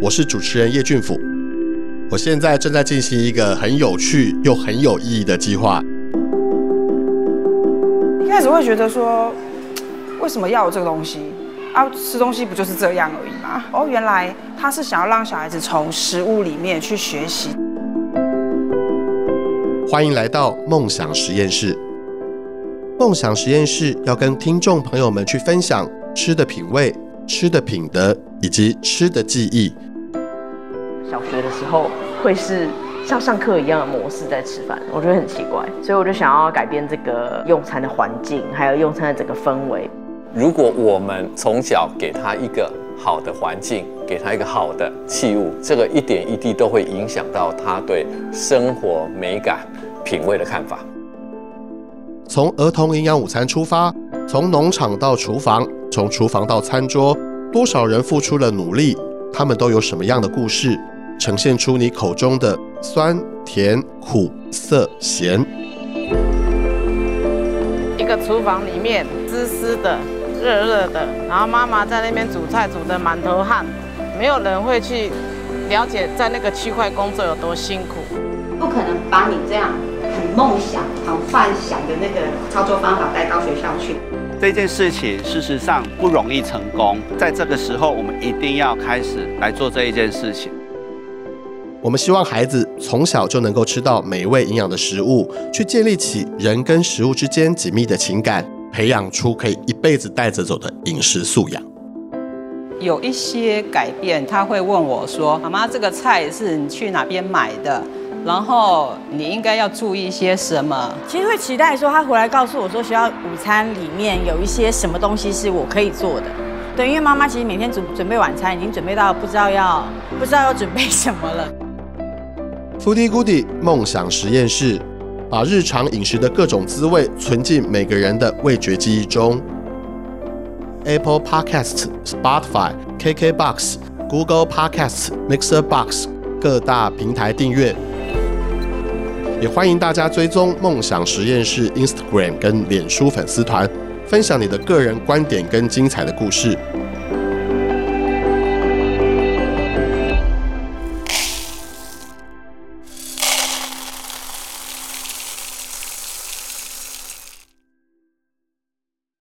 我是主持人葉俊甫，我現在正在進行一個很有趣又很有意義的計劃。一開始會覺得說，為什麼要有這個東西？啊，吃東西不就是這樣而已嗎？哦，原來他是想要讓小孩子從食物裡面去學習。歡迎來到夢想實驗室。夢想實驗室要跟聽眾朋友們去分享吃的品味、吃的品德以及吃的記憶。小學的時候會是像上課一樣的模式在吃飯，我覺得很奇怪，所以我就想要改變這個用餐的環境，還有用餐的整個氛圍。如果我們從小給他一個好的環境，給他一個好的器物，這個一點一滴都會影響到他對生活美感、品味的看法。從兒童營養午餐出發，從農場到廚房，從廚房到餐桌，多少人付出了努力，他們都有什麼樣的故事？呈現出你口中的酸、甜、苦、澀、鹹。一個廚房裡面濕濕的、熱熱的，然後媽媽在那邊煮菜，煮得滿頭汗。沒有人會去了解在那個區塊工作有多辛苦，不可能把你這樣很夢想、很幻想的那個操作方法帶到學校去。這件事情事實上不容易成功，在這個時候我們一定要開始來做這一件事情。我們希望孩子從小就能夠吃到美味營養的食物，去建立起人跟食物之間緊密的情感，培養出可以一輩子帶着走的飲食素養。有一些改變，他會問我說：“媽媽，這個菜是你去哪邊買的？然後你應該要注意些什麼？”其實會期待說他回來告訴我說，學校午餐裡面有一些什麼東西是我可以做的。對，因為媽媽其實每天準準備晚餐，已經準備到不知道要不知道要準備什麼了。Foodie Goodie 夢想食驗室，把日常飲食的各種滋味存進每個人的味覺記憶中。Apple Podcasts、Spotify、KKBox、Google Podcasts、Mixer Box 各大平台訂閱，也歡迎大家追蹤夢想食驗室 Instagram 跟臉書粉絲團，分享你的個人觀點跟精彩的故事。